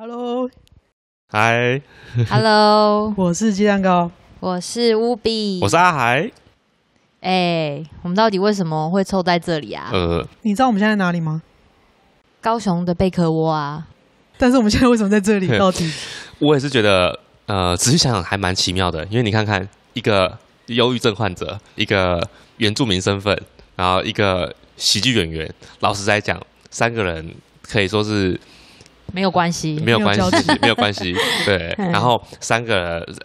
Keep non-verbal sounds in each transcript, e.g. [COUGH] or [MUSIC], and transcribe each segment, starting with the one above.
Hello，h i h e l l o 我是雞蛋糕，我是烏比，我是阿海。哎，hey, 我們到底為什麼會湊在這裡啊？呃，uh, 你知道我們現在在哪裡嗎？高雄的貝殼窩啊。但是我們現在為什麼在這裡？ [LAUGHS] 到底我也是覺得，呃，仔細想想還蠻奇妙的。因為你看看，一個憂鬱症患者，一個原住民身份，然後一個喜劇演員。老實在講，三個人可以說是。沒有關係，沒有關係， [LAUGHS] 沒有關係。對，然後三個、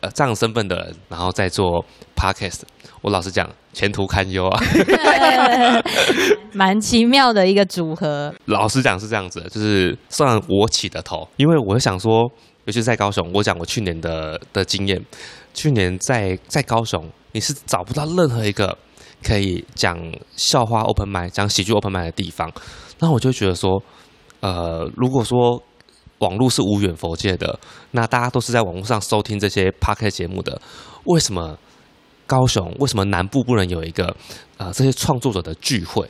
呃、這樣身份的人，然後在做 podcast，我老實講，前途堪憂啊。蠻奇妙的一個組合。老實講是這樣子，就是算我起的頭，因為我想說，尤其在高雄，我講我去年的的經驗，去年在在高雄，你是找不到任何一個可以講笑話 open mic、講喜劇 open mic 的地方，那我就覺得說，呃，如果說網絡是無遠弗屆的，那大家都是在網絡上收聽這些 podcast 節目的，為什麼高雄，為什麼南部不能有一個，啊、呃、這些創作者的聚會，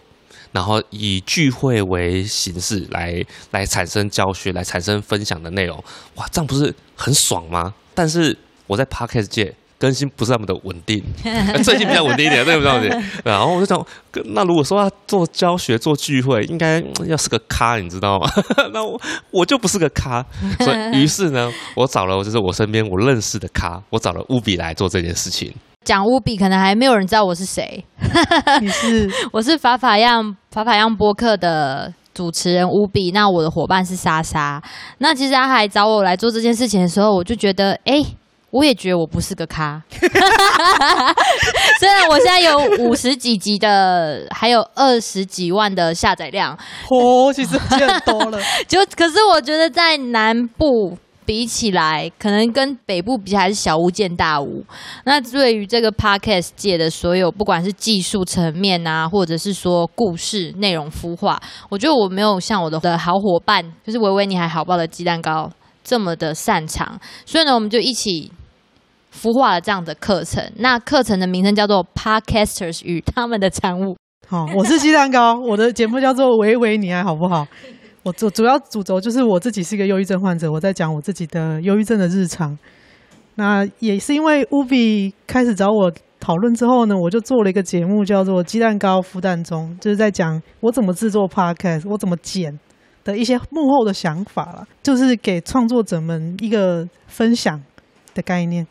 然後以聚會為形式來來產生教學，來產生分享的內容，哇，這樣不是很爽嗎？但是我在 podcast 界。更新不是那麼的穩定，最穩定，最近比較穩定一點，對不對？然後我就想：「那如果說要做教學、做聚會，應該要是個咖，你知道嗎？ [LAUGHS] 那我我就不是個咖，所以於是呢，我找了就是我身邊我認識的咖，我找了烏比來做這件事情。講烏比，可能還沒有人知道我是誰。於 [LAUGHS] 是我是法法樣法法樣播客的主持人烏比，那我的夥伴是莎莎。那其實阿海找我來做這件事情的時候，我就覺得，哎。我也覺得我不是個咖， [LAUGHS] 雖然我現在有五十幾集的，還有二十幾萬的下載量，哦，其實很多了。 [LAUGHS] 就可是我覺得在南部比起來，可能跟北部比起來還是小巫見大巫。那對於這個 Podcast 界的所有，不管是技術層面啊，或者是說故事內容孵化，我覺得我沒有像我的的好夥伴，就是微微你還好抱的雞蛋糕這麼的擅長。所以呢，我們就一起。孵化了這樣的課程，那課程的名稱叫做《Podcasters 與他們的產物》。好，我是雞蛋糕， [LAUGHS] 我的節目叫做《維維你還好不好》。我主主要主軸就是我自己是一個憂鬱症患者，我在講我自己的憂鬱症的日常。那也是因為 Ubi 開始找我討論之後呢，我就做了一個節目叫做《雞蛋糕孵蛋中》，就是在講我怎麼制作 Podcast，我怎麼剪的一些幕後的想法了，就是給創作者們一個分享的概念。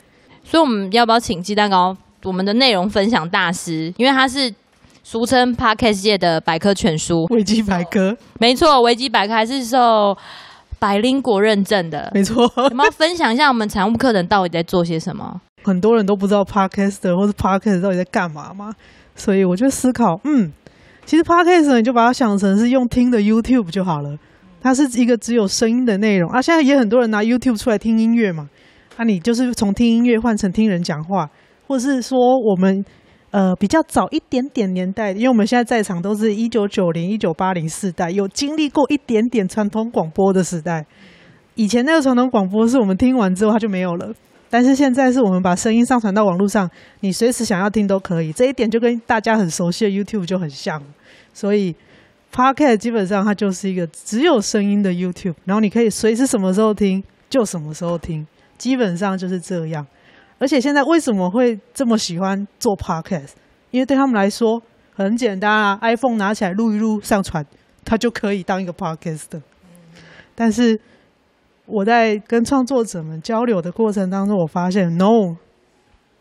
所以我們要不要請雞蛋糕，我們的內容分享大師？因為他是俗稱 Podcast 界的百科全書——維基百科。沒錯，維基百科還是受百靈果認證的。沒錯，我們要分享一下我們產物課程到底在做些什麼。很多人都不知道 Podcaster 或者 Podcast 到底在幹嘛嘛，所以我就思考，嗯，其實 Podcaster 你就把它想成是用聽的 YouTube 就好了，它是一個只有聲音的內容。啊，現在也很多人拿 YouTube 出來聽音樂嘛。那你就是從聽音樂換成聽人講話，或是說我們，呃，比較早一點點年代，因為我們現在在場都是一九九零、一九八零時代，有經歷過一點點傳統廣播的時代。以前那個傳統廣播是我們聽完之後它就沒有了，但是現在是我們把聲音上傳到網絡上，你隨時想要聽都可以。這一點就跟大家很熟悉的 YouTube 就很像，所以 Podcast 基本上它就是一個只有聲音的 YouTube，然後你可以隨時什麼時候聽就什麼時候聽。基本上就是這樣，而且現在為什麼會這麼喜歡做 Podcast？因為對他們來說很簡單啊，iPhone 拿起來錄一錄，上傳，他就可以當一個 Podcaster。但是我在跟創作者們交流的過程當中，我發現，no，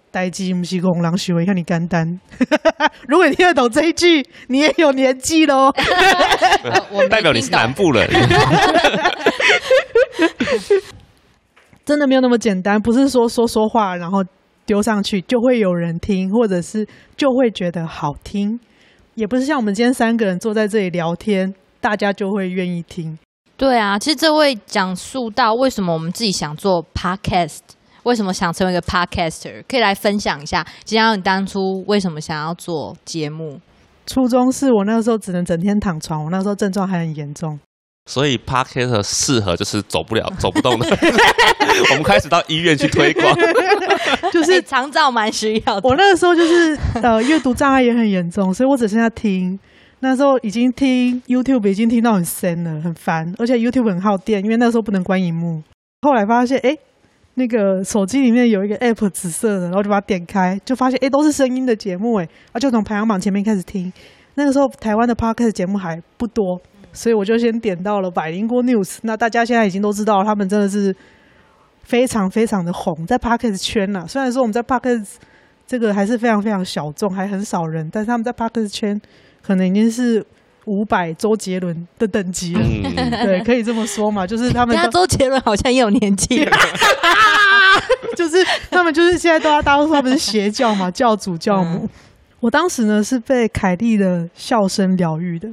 呆雞不是公狼，許我看你肝單。如果你聽得懂這一句，你也有年紀嘍 [LAUGHS] 、呃，我代表你是南部人。 [LAUGHS] [LAUGHS] 真的沒有那麼簡單，不是說說說話然後丟上去就會有人聽，或者是就會覺得好聽，也不是像我們今天三個人坐在這裡聊天，大家就會願意聽。對啊，其實這位講述到為什麼我們自己想做 podcast，為什麼想成為一個 podcaster，可以來分享一下，今天你當初為什麼想要做節目。初衷是我那個時候只能整天躺床，我那時候症狀還很嚴重。所以 Podcast 適合就是走不了、走不動的。 [LAUGHS] [LAUGHS] 我們開始到醫院去推廣， [LAUGHS] 就是長照蠻需要。我那個時候就是呃閱讀障礙也很嚴重，所以我只剩下聽。 [LAUGHS] 那時候已經聽 YouTube 已經聽到很深了，很煩，而且 YouTube 很耗電，因為那時候不能關熒幕。後來發現，哎，那個手機裡面有一個 App 紫色的，然後就把它點開，就發現哎、欸、都是聲音的節目，哎，就從排行榜前面開始聽。那個時候台灣的 Podcast 節目還不多。所以我就先點到了百靈果 News，那大家現在已經都知道，他們真的是非常非常的紅，在 Podcast 圈啦、啊，雖然說我們在 Podcast 這個還是非常非常小眾，還很少人，但是他們在 Podcast 圈可能已經是五百周杰倫的等級了，嗯、對，可以這麼說嘛，就是他們。周杰倫好像也有年紀了。 [LAUGHS] [LAUGHS] 就是他們就是現在都要當他們是邪教嘛，教主教母。嗯、我當時呢是被凱莉的笑聲療癒的。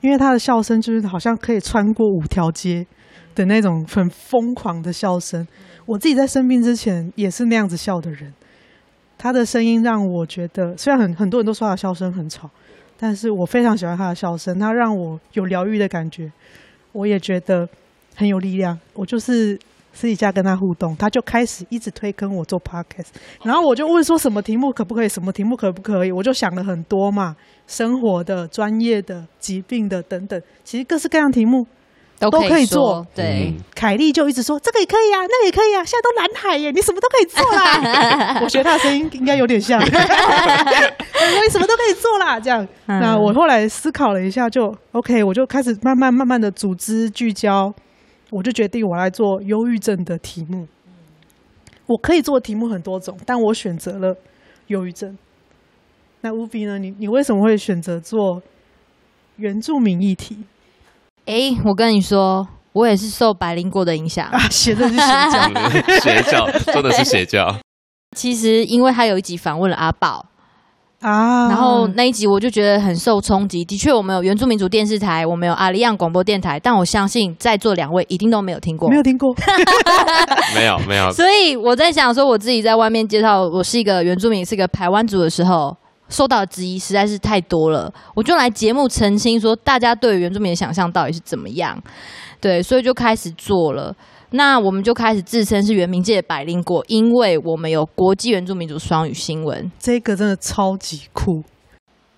因為他的笑聲就是好像可以穿過五條街的那種很瘋狂的笑聲。我自己在生病之前也是那樣子笑的人。他的聲音讓我覺得，雖然很很多人都說他的笑聲很吵，但是我非常喜歡他的笑聲。他讓我有療癒的感覺，我也覺得很有力量。我就是。私底下跟他互動，他就開始一直推坑我做 Podcast，然後我就問說，什麼題目可不可以？什麼題目可不可以？我就想了很多嘛，生活的、專業的、疾病的等等，其實各式各樣題目都可以做。以對，凱、嗯、莉就一直說，這個也可以啊，那個、也可以啊，現在都藍海耶，你什麼都可以做啦。 [LAUGHS] 我覺得他的聲音應該有點像。我、 [LAUGHS] 嗯、什麼都可以做啦，這樣。嗯、那我後來思考了一下就，就 OK，我就開始慢慢慢慢的組織聚焦。我就決定我來做憂鬱症的題目。我可以做的題目很多種，但我選擇了憂鬱症。那烏比呢？你你為什麼會選擇做原住民議題？哎、欸，我跟你說，我也是受百靈果的影響，學、啊、的是邪教，邪 [LAUGHS] 教的是邪教。其實，因為他有一集訪問了阿寶。啊！然後那一集我就覺得很受衝擊。的確，我們有原住民族電視台，我們有阿里 a 廣播電台，但我相信在座兩位一定都沒有聽過，沒有聽過， [LAUGHS] [LAUGHS] 沒有沒有。所以我在想說，我自己在外面介紹我是一個原住民，是一個台灣族的時候，受到質疑實在是太多了。我就來節目澄清說，大家對原住民的想象到底是怎麼樣？對，所以就開始做了。那我們就開始自稱是原民界的百靈果，因為我們有國際原住民族雙語新聞，這個真的超級酷。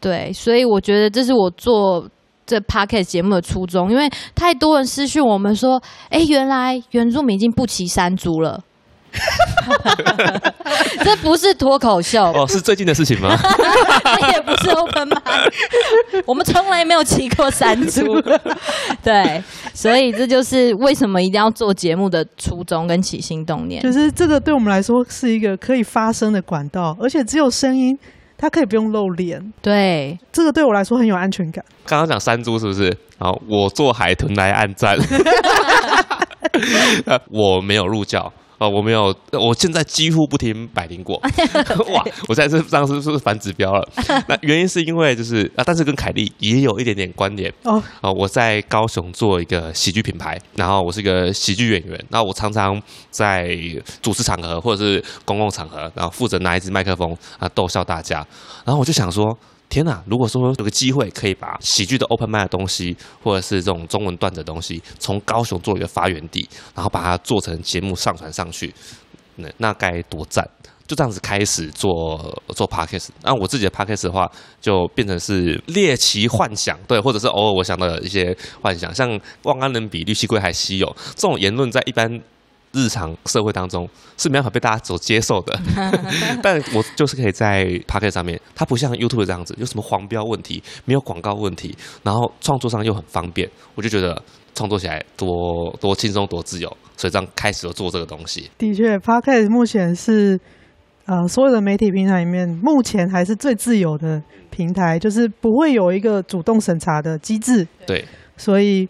對，所以我覺得這是我做這 podcast 節目的初衷，因為太多人私訊我們說：“哎，原來原住民已經不騎山豬了。” [LAUGHS] 這不是脫口秀哦，是最近的事情嗎？ [LAUGHS] [LAUGHS] 這也不是 open 嗎？ [LAUGHS] 我們從來沒有騎過山豬，對，所以這就是為什麼一定要做節目的初衷跟起心動念。就是這個對我們來說是一個可以發聲的管道，而且只有聲音，它可以不用露臉。對，這個對我來說很有安全感。剛剛講山豬是不是？好，我坐海豚來按讚， [LAUGHS] [LAUGHS] 我沒有入教。哦，我沒有，我現在幾乎不聽百靈果，哇！我在這當時是不是反指標了？那原因是因為就是啊，但是跟凱莉也有一點點關聯哦、啊。我在高雄做一個喜劇品牌，然後我是一個喜劇演員，那我常常在主持場合或者是公共場合，然後負責拿一支麥克風啊，逗笑大家，然後我就想說。天吶！如果說有個機會可以把喜劇的 open mic 的東西，或者是這種中文段子的東西，從高雄做一個發源地，然後把它做成節目上傳上去，那那該多讚！就這樣子開始做做 podcast。那、啊、我自己的 podcast 的話，就變成是獵奇幻想，對，或者是偶爾我想到一些幻想，像望安人比綠蠵龜還稀有這種言論，在一般，日常社會當中是沒辦法被大家所接受的，呵呵，但我就是可以在 Podcast 上面，它不像 YouTube 這樣子，有什麼黃標問題，沒有廣告問題，然後創作上又很方便，我就覺得創作起來多多輕鬆多自由，所以這樣開始了做這個東西。的確，Podcast 目前是呃所有的媒體平台裡面目前還是最自由的平台，就是不會有一個主動審查的機制，對，所以。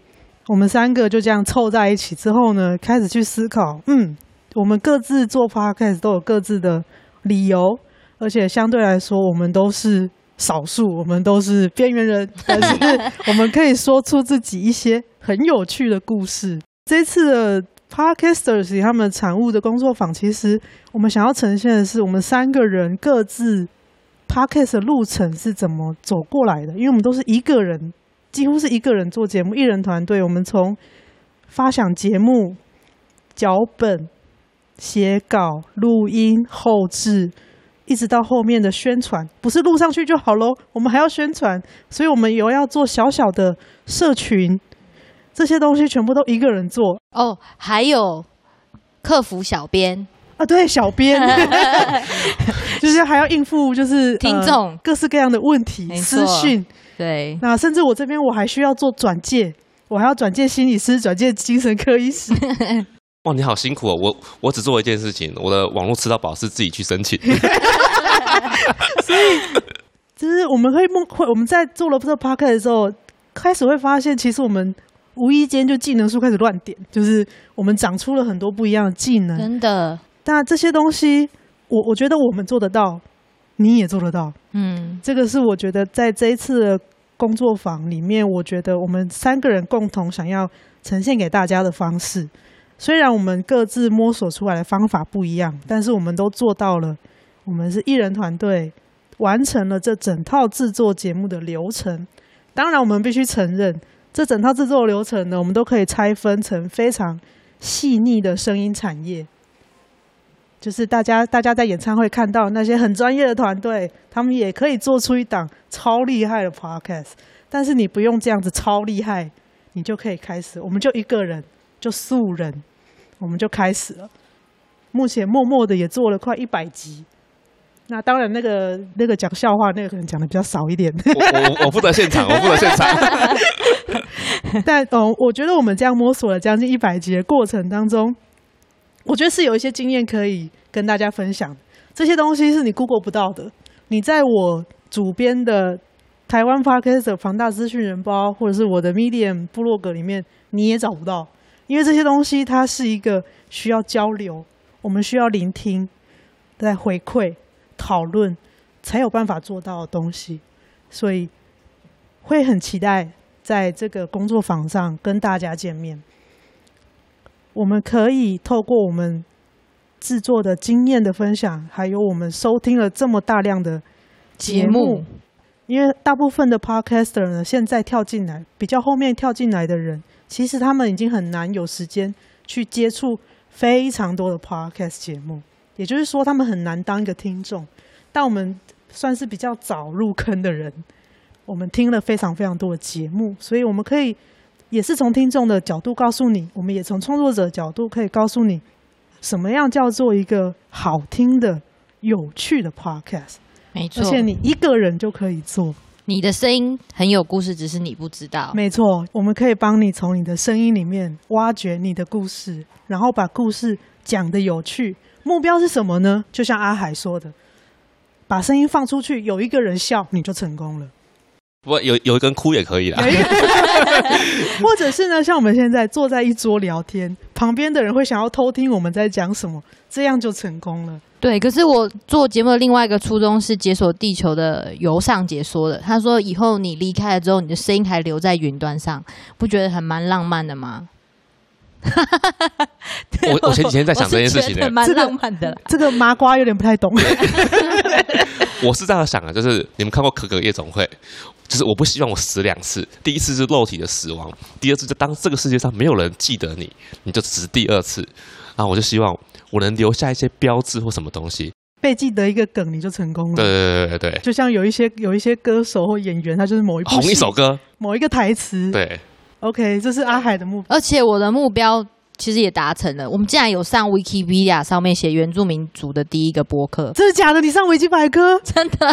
我們三個就這樣湊在一起之後呢，開始去思考。嗯，我們各自做 podcast 都有各自的理由，而且相對來說，我們都是少數，我們都是邊緣人，但是我們可以說出自己一些很有趣的故事。 [LAUGHS] 這次的 Podcasters 他們產物的工作坊，其實我們想要呈現的是，我們三個人各自 podcast 的路程是怎麼走過來的，因為我們都是一個人。幾乎是一個人做節目，一人團隊。我們從發想節目、腳本、寫稿、錄音、後製，一直到後面的宣傳，不是錄上去就好嘍，我們還要宣傳，所以我們以後要做小小的社群，這些東西全部都一個人做哦，還有客服小編。對，小編 [LAUGHS] 就是還要應付就是聽眾眾、呃、各式各樣的問題、錯私訊訓對。那甚至我這邊我還需要做轉介，我還要轉介心理師、轉介精神科醫師。哇，你好辛苦哦！我我只做一件事情，我的網絡吃到飽是自己去申請。 [LAUGHS] [LAUGHS] 所以，就是我們可夢會夢我們在做了這 park 的時候，開始會發現，其實我們無意間就技能書開始亂點，就是我們長出了很多不一樣的技能，真的。那這些東西，我我覺得我們做得到，你也做得到。嗯，這個是我覺得在這一次的工作坊裡面，我覺得我們三個人共同想要呈現給大家的方式。雖然我們各自摸索出來的方法不一樣，但是我們都做到了。我們是一人團隊完成了這整套製作節目的流程。當然，我們必須承認，這整套製作流程呢，我們都可以拆分成非常細膩的聲音產業。就是大家，大家在演唱會看到那些很專業的團隊，他們也可以做出一檔超厲害的 Podcast。但是你不用這樣子超厲害，你就可以開始。我們就一個人，就素人，我們就開始了。目前默默的也做了快一百集。那當然、那個，那個那個講笑話那個可能講的比較少一點。我我負責現場，我負責現場。 [LAUGHS] [LAUGHS] 但嗯、哦，我覺得我們這樣摸索了將近一百集的過程當中。我覺得是有一些經驗可以跟大家分享的，這些東西是你 Google 不到的，你在我主編的台灣 Podcast 的龐大資訊人包，或者是我的 Medium 部落格裡面你也找不到，因為這些東西它是一個需要交流，我們需要聆聽，在回饋討論，才有辦法做到的東西，所以會很期待在這個工作坊上跟大家見面。我們可以透過我們製作的經驗的分享，還有我們收聽了這麼大量的節目，節目。因為大部分的 Podcaster 呢，現在跳進來，比較後面跳進來的人，其實他們已經很難有時間去接觸非常多的 Podcast 節目，也就是說，他們很難當一個聽眾。但我們算是比較早入坑的人，我們聽了非常非常多的節目，所以我們可以，也是從聽眾的角度告訴你，我們也從創作者角度可以告訴你，什麼樣叫做一個好聽的、有趣的 Podcast。沒錯，而且你一個人就可以做，你的聲音很有故事，只是你不知道。沒錯，我們可以幫你從你的聲音裡面挖掘你的故事，然後把故事講得有趣。目標是什麼呢？就像阿海說的，把聲音放出去，有一個人笑，你就成功了。不有有一根哭也可以的，或者是呢？像我們現在坐在一桌聊天，旁邊的人會想要偷聽我們在講什麼，這樣就成功了。對，可是我做節目的另外一個初衷是解鎖地球的由上解說的。他說，以後你離開了之後，你的聲音還留在雲端上，不覺得很蠻浪漫的嗎？我我前幾天在想這件事情，蠻浪漫的，這個。這個麻瓜有點不太懂。 [LAUGHS] 我是這樣想的，就是你們看過《可可夜總會》，就是我不希望我死兩次，第一次是肉體的死亡，第二次就當這個世界上沒有人記得你，你就死第二次。那我就希望我能留下一些標誌或什麼東西，被記得一個梗，你就成功了。對對對對對，對就像有一些有一些歌手或演員，他就是某一部紅一首歌，某一個台詞。對，OK，這是阿海的目標，而且我的目標。其實也達成了，我們竟然有上維基百科上面寫原住民族的第一個播客，真的假的？你上維基百科？真的？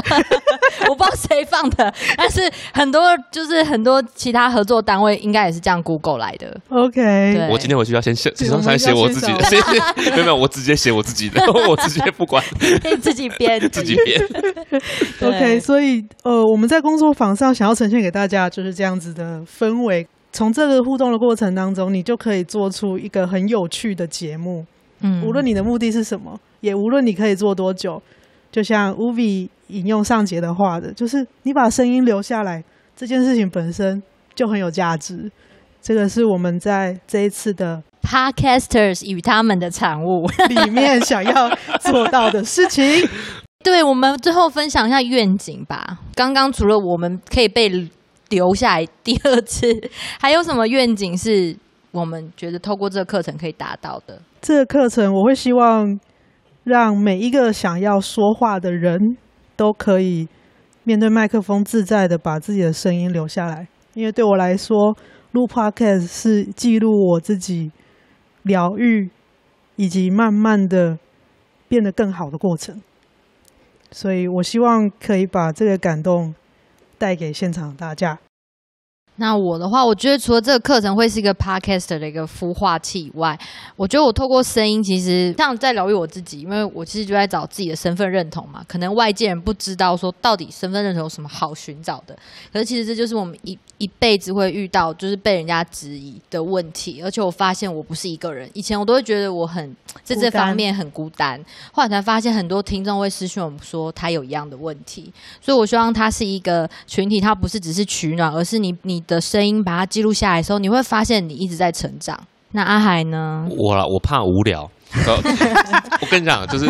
我不知道誰放的，但是很多就是很多其他合作單位應該也是這樣，Google 來的。OK，對我今天回去要先先先先寫我自己的，沒有沒有，我直接寫我自己的，我直接不管，你自己編自己編。對 OK，所以呃，我們在工作坊上想要呈現給大家就是這樣子的氛圍。從這個互動的過程當中，你就可以做出一個很有趣的節目。嗯，無論你的目的是什麼，也無論你可以做多久，就像 Ubi 引用上節的話的，就是你把聲音留下來，這件事情本身就很有價值。這個是我們在這一次的《Podcasters 與他們的產物》裡面想要做到的事情。對，我們最後分享一下願景吧。剛剛除了我們可以被留下來第二次，還有什麼願景是我們覺得透過這個課程可以達到的？這個課程我會希望讓每一個想要說話的人都可以面對麥克風，自在的把自己的聲音留下來。因為對我來說，錄 Podcast 是記錄我自己療癒以及慢慢的變得更好的過程，所以我希望可以把這個感動。帶給現場大家。那我的話，我覺得除了這個課程會是一個 podcaster 的一個孵化器以外，我覺得我透過聲音，其實這樣在療癒我自己，因為我其實就在找自己的身份認同嘛。可能外界人不知道說到底身份認同有什麼好尋找的，可是其實這就是我們一一輩子會遇到，就是被人家質疑的問題。而且我發現我不是一個人，以前我都會覺得我很在這，這方面很孤單，後來才發現很多聽眾會私訊我們說他有一樣的問題，所以我希望他是一個群體，他不是只是取暖，而是你你。的聲音把它記錄下來的時候，你會發現你一直在成長。那阿海呢？我我怕無聊。 [LAUGHS] 我跟你講，就是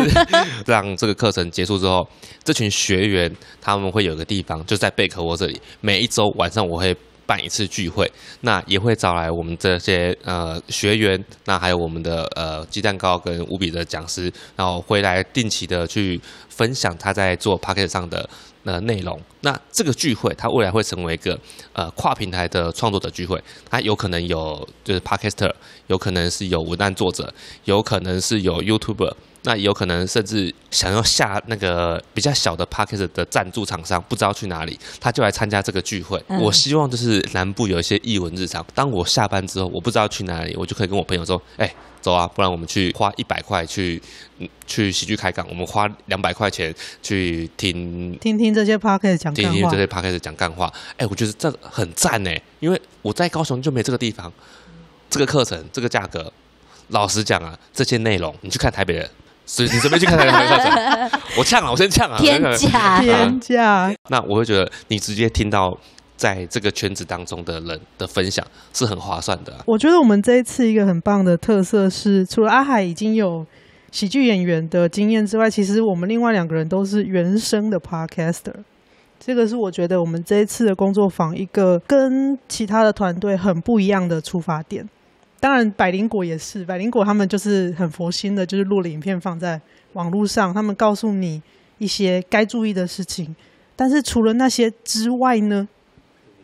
讓這個課程結束之後，這群學員他們會有一個地方，就在貝殼窩這裡。每一周晚上我會辦一次聚會，那也會找來我們這些呃學員，那還有我們的呃雞蛋糕跟 Ubi 的講師，然後回來定期的去分享他在做 Podcast 上的。呃，內容，那這個聚會它未來會成為一個呃跨平台的創作者聚會，它有可能有就是 podcaster，有可能是有文案作者，有可能是有 YouTuber。那有可能甚至想要下那個比較小的 Podcaster 的贊助廠商不知道去哪裡，他就來參加這個聚會。嗯、我希望就是南部有一些藝文日常。當我下班之後，我不知道去哪裡，我就可以跟我朋友說：“哎、欸，走啊，不然我們去花一百塊去，嗯、去喜劇開港，我們花兩百塊錢去聽聽聽這些 Podcaster 講聽聽這些 Podcaster 講幹話。欸”哎，我覺得這很贊哎，因為我在高雄就沒這個地方，嗯、這個課程這個價格，老實講啊，這些內容你去看台北人。所以你準備去看，看， [LAUGHS] 我嗆了，我先嗆假啊！天價，天價！那我會覺得你直接聽到在這個圈子當中的人的分享是很划算的啊。我覺得我們這一次一個很棒的特色是，除了阿海已經有喜劇演員的經驗之外，其實我們另外兩個人都是原生的 podcaster，這個是我覺得我們這一次的工作坊一個跟其他的團隊很不一樣的出發點。當然，百靈果也是，百靈果他們就是很佛心的，就是錄了影片放在網絡上，他們告訴你一些該注意的事情。但是除了那些之外呢，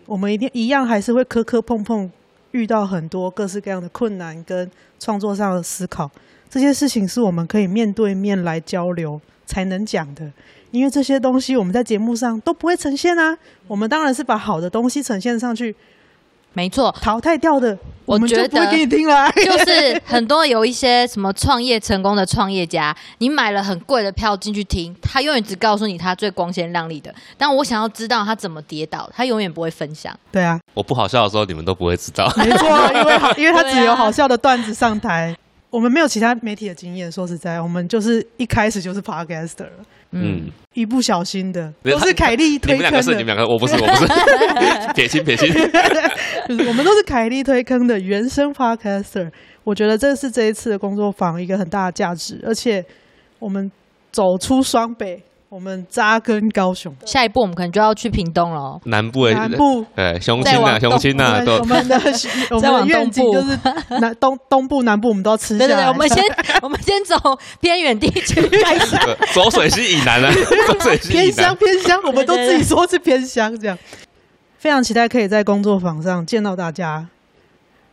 我們一定一樣還是會磕磕碰碰，遇到很多各式各樣的困難跟創作上的思考，這些事情是我們可以面對面來交流才能講的，因為這些東西我們在節目上都不會呈現啊。我們當然是把好的東西呈現上去。沒錯，淘汰掉的我們就不會給你聽了。就是很多有一些什麼創業成功的創業家， [LAUGHS] 你買了很貴的票進去聽，他永遠只告訴你他最光鮮亮麗的。但我想要知道他怎麼跌倒，他永遠不會分享。對啊，我不好笑的時候你們都不會知道。沒錯，因為因為他只有好笑的段子上台，啊、我們沒有其他媒體的經驗。說實在，我們就是一開始就是 podcaster 了，嗯，一不小心的，不是凱莉你們兩個是你們兩個，我不是我不是， [LAUGHS] [LAUGHS] 撇清撇清。 [LAUGHS] 就是我們都是凱利推坑的原生 Podcaster，我覺得這是這一次的工作坊一個很大的價值，而且我們走出雙北，我們扎根高雄對，下一步我們可能就要去屏東了哦。南部哎，南部哎，鄉親啊，鄉親啊，都我們的，我再往東部，對 南東東部南部我們都要吃下。我們先我們先走偏遠地區開始，濁水溪以南啊，濁水溪以南偏鄉偏鄉，我們都自己說是偏鄉這樣。非常期待可以在工作坊上見到大家。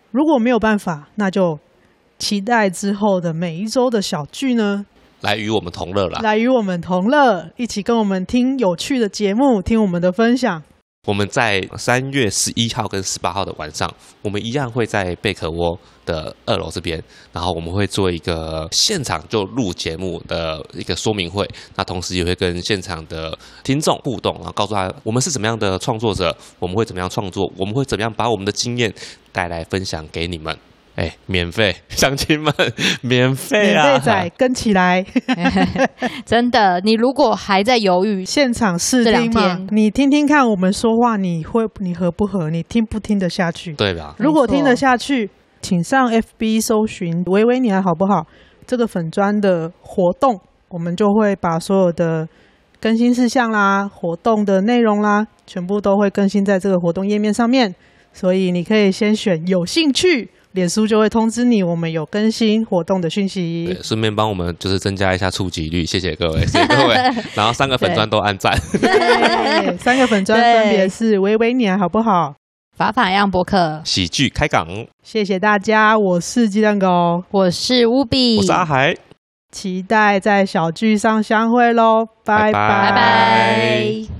如果沒有辦法，那就期待之後的每一周的小聚呢，來與我們同樂啦！來與我們同樂，一起跟我們聽有趣的節目，聽我們的分享。我們在三月十一號跟十八號的晚上，我們一樣會在貝殼窩的二樓這邊，然後我們會做一個現場就錄節目的一個說明會，那同時也會跟現場的聽眾互動，然後告訴他我們是怎麼樣的創作者，我們會怎麼樣創作，我們會怎麼樣把我們的經驗帶來分享給你們。哎、欸，免費鄉親們，免費、啊、免費仔、啊、跟起來、欸，真的！你如果還在猶豫，現場試聽嘛，這兩天你聽聽看我們說話，你會你合不合？你聽不聽得下去？對吧？如果聽得下去，錯請上 FB 搜尋“微微你還好不好”這個粉專的活動，我們就會把所有的更新事項啦、活動的內容啦，全部都會更新在這個活動頁面上面，所以你可以先選有興趣。臉書就會通知你，我們有更新活動的訊息。對，順便幫我們就是增加一下觸及率，謝謝各位，謝謝各位。然後三個粉專都按讚對 [LAUGHS] 三個粉專對分別是微微念，好不好？法法樣博客，喜劇開港。謝謝大家，我是雞蛋糕，我是烏比，我是阿海。期待在小聚上相會嘍，拜拜拜拜。拜拜。